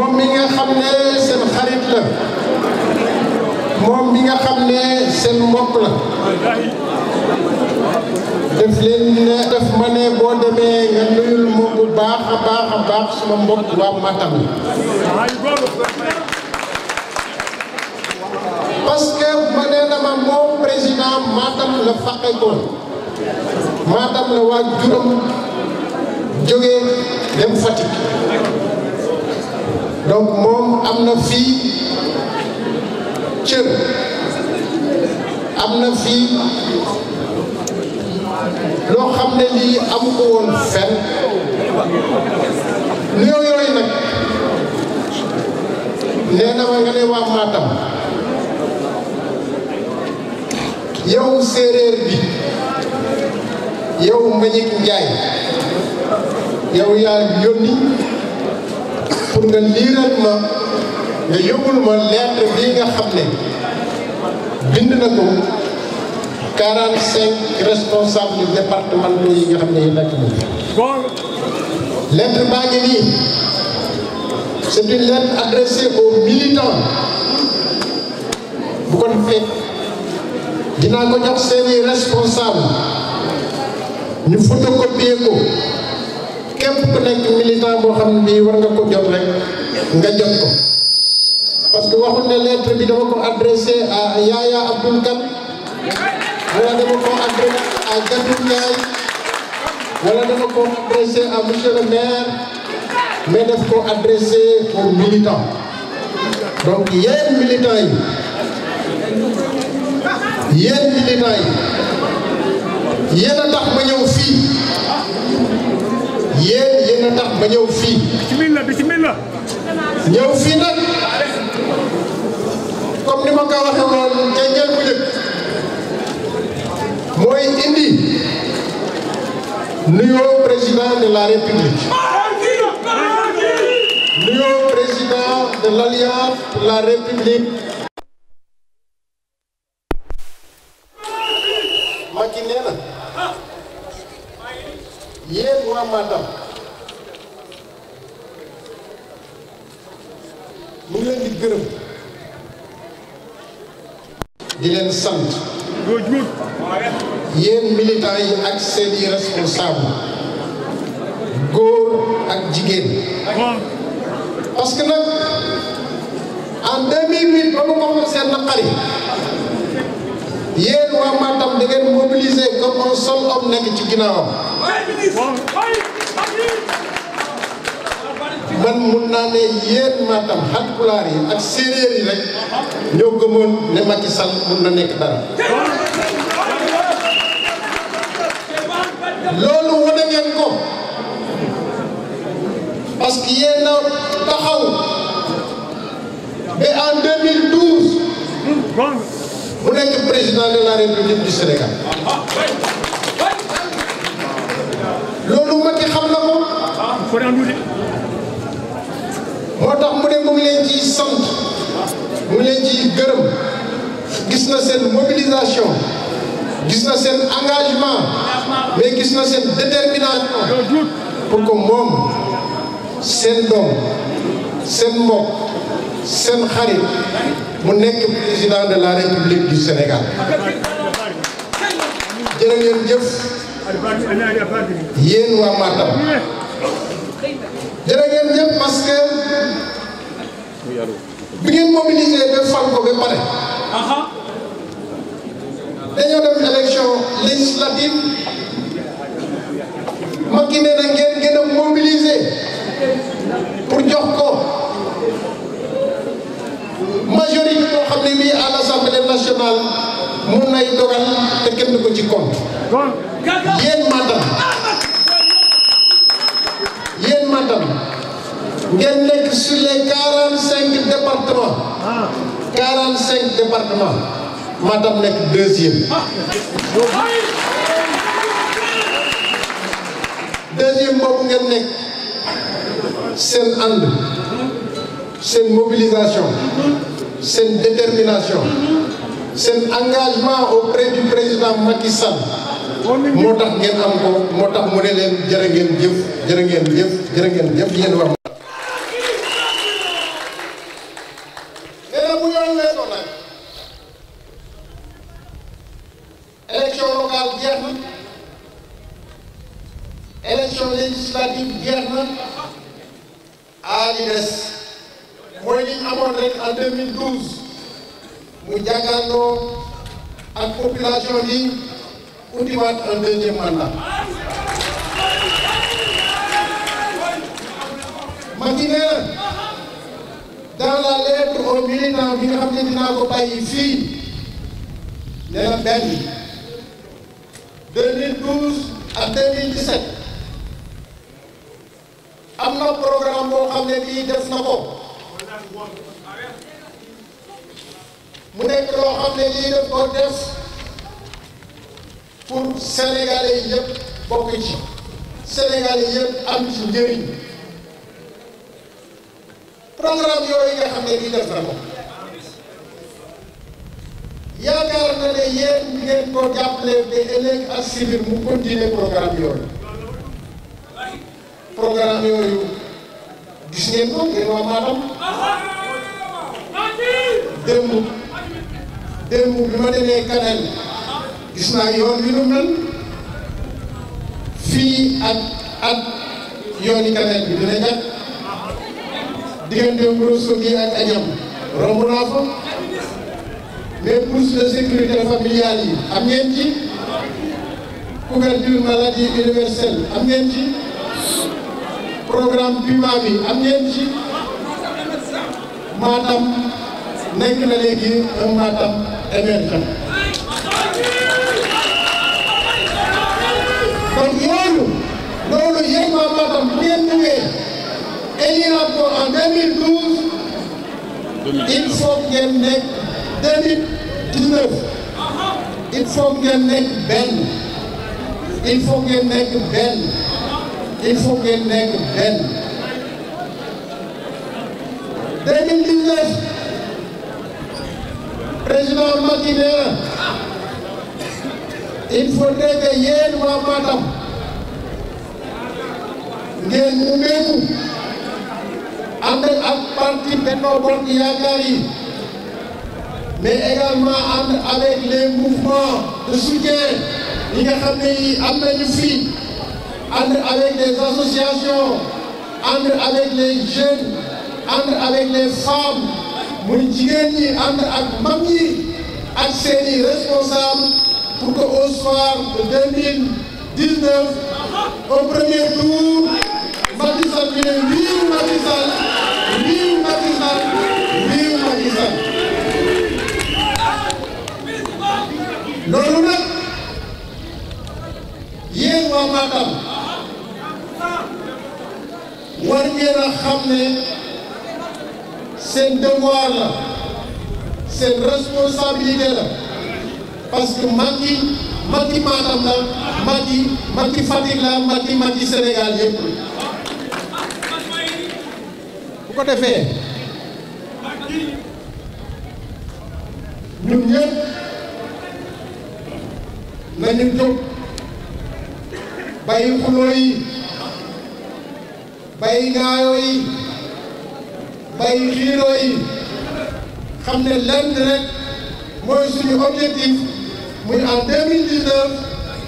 moom mi nga xam ne seen xarit la moom mi nga xam ne seen mbokk la def leen def ma boo demee nga nuyul mu bu baax a baax a baax suma mbokk waa Matam parce que ma ne dama moom président Matam la faqe koon Matam la waa juróom jógee dem Fatick donc moom am na fii cër am na fii loo xam ne lii amu ko woon fenn nuyoo yooyu nag nee na ma nga yow séeréer bi yow Mbagnick Ndiaye yow yaa yónni pour nga liiral ma nga yóbbul ma lettre bii nga xam ne bind na ko 45 responsables du départementaux yi nga xam ne yi nekk na baa ngi nii c'est une lettre adressée aux militants bu ko defee dinaa ko jox seeni responsable ñu photocopier ko képp ku nekk militant boo xam ne bii war nga ko jot rek nga jot ko parce que waxul ne lettre bi dama ko adressé à Yaya Abdoul Kan wala dama ko adressé à Gatou Ndiaye wala dama ko adressé à monsieur le maire mais daf ko adressé aux militants donc yéen militants yi yéen militants yi yéen tax ma ñëw fii yéen yéen a tax ma ñëw fii. bismillah bismillah. ñëw fii nag comme ni ma ko waxee woon ca njël bu njëkk mooy indi nuyoo président de la république. la ngi leen di gërëm di leen sant yéen militant yi ak seen i responsable góor ak jigéen parce que nag en 2008 ba ma waxoon seen naqari yéen waa Matam da ngeen mobiliser comme un seul homme nekk ci ginnaawam man mun naa ne yéen Matam Haalpulaar ak séeréer yi rek ñoo gëmoon ne Macky Sall mun na nekk loolu wane ngeen ko parce que yéen a taxaw ba en 2012 mu nekk président de la république loolu Macky xam na ko. Je mu ne mu mobilisation gis na engagement mais gis na une détermination pour que moom seen doom seen mbokk xarit président de la république du Sénégal jërë ngeen ñëpp parce que bi ngeen mobilisé ba fal ko ba pare. dañoo dem élection législative Macky nee na ngeen gën a pour jox ko majorité boo xam ne bii à l'Assemblée nationale mun nay dogal te kenn ko ci compte yéen maanaam. 45 départements. madame deuxième. deuxième mot, c'est un, c'est une mobilisation, mobilisation une détermination un engagement auprès du président Macky Sall prolongé son âge élection locale jeex na élection législative mooy li ñu amoon rek en 2012 mu jàkkaarloo ak population bi utiwaat un deuxième mandat. Macky nee na dans la lettre au militant bi nga xam ne dinaa ko bàyyi fii benn 2012 ak 2017 am na programme boo xam ne bii def na ko mu nekk loo xam ne lii def ko def pour sénégalais yëpp bokk ci sénégalais yëpp am ci njëriñ. programme yooyu nga xam ne bii def na ko yaakaar na ne yéen ngeen ko jàppalee ba ëllëg ak civil mu continuer programme yooyu programme yooyu gis ngeen ko ngeen waa Matam démb démb bi ma demee Kanel gis naa yoon wi nu mel fii ak ak yooni Kanel bi dina jàpp diggante Mourosso gi ak Agnam romb naa fa mais bourse sécurité familiale yi am ngeen ci couverture maladie universelle am ngeen programme Pima bi am ngeen ci Matam na léegi un Matam ñu la ko en 2012 ngeen nekk 2019 il faut ngeen nekk benn il faut ngeen nekk benn il faut ngeen nekk benn 2019 président Macky nee na il faudrait que yéen waa Matam ngeen mu avec le parti Benno yagari mais également avec les mouvements de soutien nga avec les associations avec les jeunes avec les femmes avec les ak responsables pour que au soir de 2019 au premier tour Macky Sall ne wiiw Macky Sall wiiw Macky Sall wiiw nag yéen waa Matam war ngeen a xam ne seen devoir la seen responsabilité la parce que Macky Matam la Macky Macky la Macky Macky Sénégal yëpp ko defee ñun ñëpp nañu jóg bàyyi xuloo yi bàyyi ngaayoo yi xam ne lenn rek mooy suñu objectif muy en 2019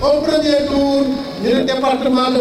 au premier tour ñu ne département de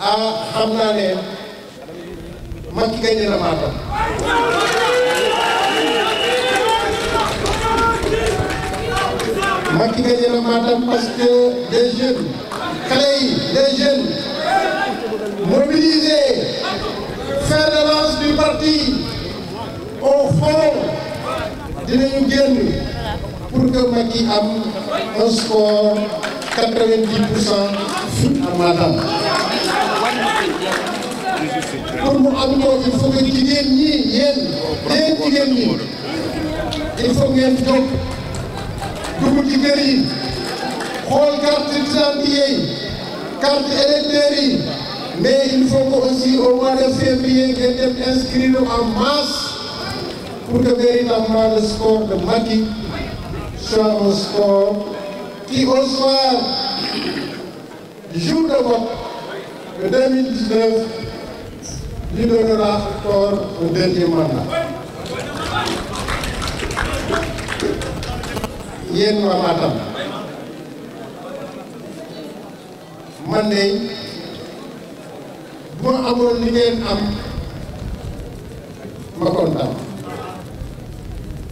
ah xam naa ne Macky gañe na Matam Macky gañe na Matam jeunes xale yi des jeunes mobilisés faire de lance du parti au fond dinañu génn pour que Macky am un score quatre-vingt-dix pour cent à pour mu am ko il faut que jigéen ñi yéen yéen jigéen ñi il faut ngeen jóg dugg ci kër yi xool carte d'identité yi carte électeur yi mais il faut que aussi au mois de février ngeen dem inscrire en masse pour que véritablement le sport de Macky soit un sport qui au soir du jour de vote de 2019 lui donnera encore un dernier mandat. yéen waa Matam man de bu ma amoon li am ma kontaan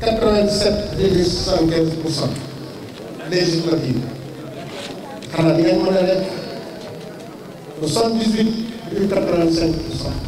87 virgule 75 pour cent législative xanaa di ngeen mën a def 78 virgule 85 pour cent.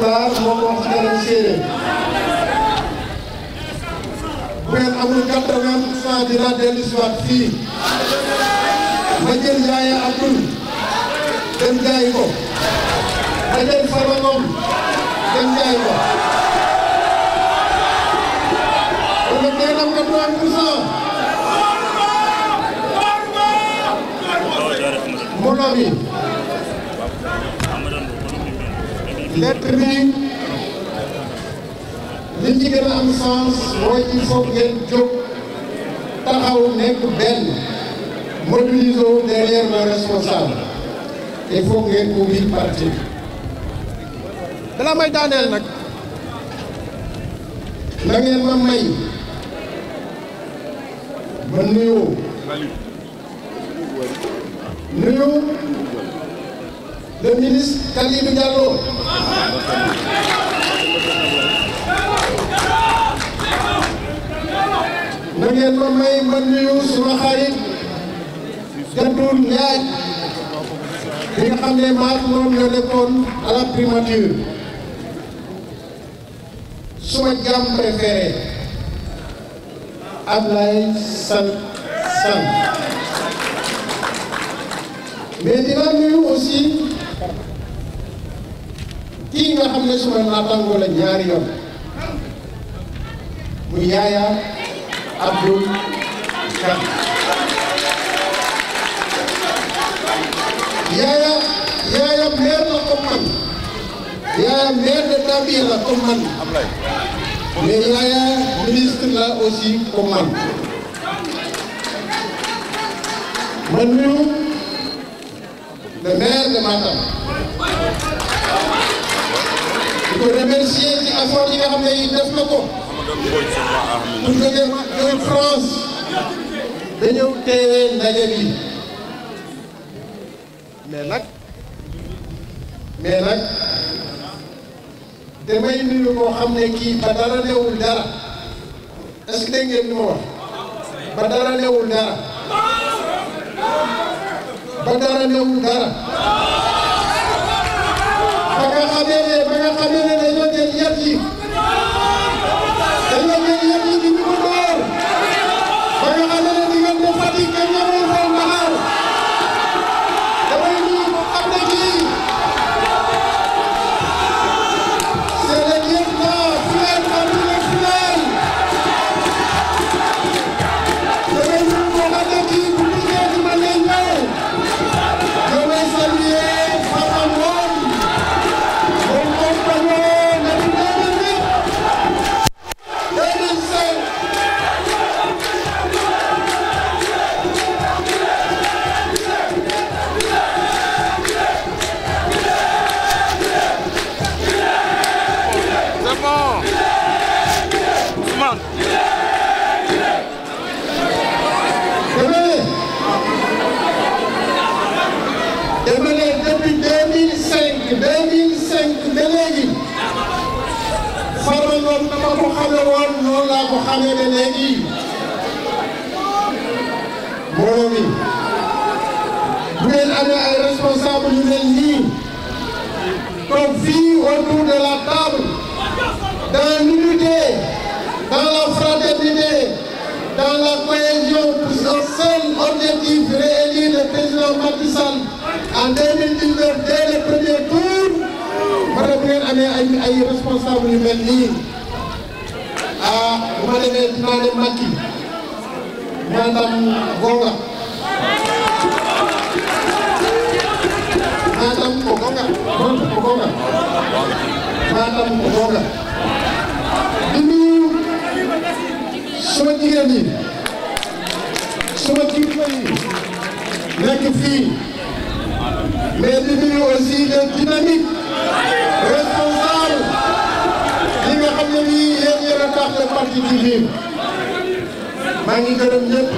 Ba moo ko wax ci kanam séeréer bu ngeen amul quatre-vingt pour cent dina dellu si waat fii ma jël yaaya Abdul dem jaay ko ma jël sababam dem jaay ko kon nag ngeen am quatre-vingt pour cent mon ami lettre bi li ci gën a am sens mooy il faut jóg taxaw nekk benn mobilisons derrière le responsable il faut ngeen ubbi parti bi. may daaneel nag. na ngeen may ma nuyoo. nuyu. le ministre Kalidou Diallo. na ngeen ma may ma nuyu suma xarit Gadour Ndiaye bi xam ne maak moom ñoo nekkoon à la suma jàmm préféré Ablaye Sall Sall mais dina nuyu aussi kii nga xam ne suma naataangoo la ñaari yoon mu Yaaya Abdou Kan Yaaya Yaaya meer la comme man Yaaya meer de Gambie la comme man mais Yaaya ministre la aussi man le maire de Matam ko remercier ci effort yi nga def na ko. pour que France dañoo teewee ndaje bi mais nag mais nag damay nuyu koo xam ne kii ba dara newul dara est-ce que dégg ngeen ni ma wax ba dara newul dara ba dara newul dara. venga akakabere na yote Vous êtes léegi Vous êtes responsable du mel Confie retour autour de la table dans l'unité dans la fraternité dans la cohésion pour seul objectif réélire le président Macky en 2019 dès le premier tour Vous êtes bu responsable du mel ah bu ma demee dinaa dem Màkki man tam gonga man tam gonga man ko gonga man tam ko gonga di nuyu sama jigéen yi sama kilifa yi nekk fii mais ne nii yéen yéen a tax le parti di vivre maa ngi gërëm ñëpp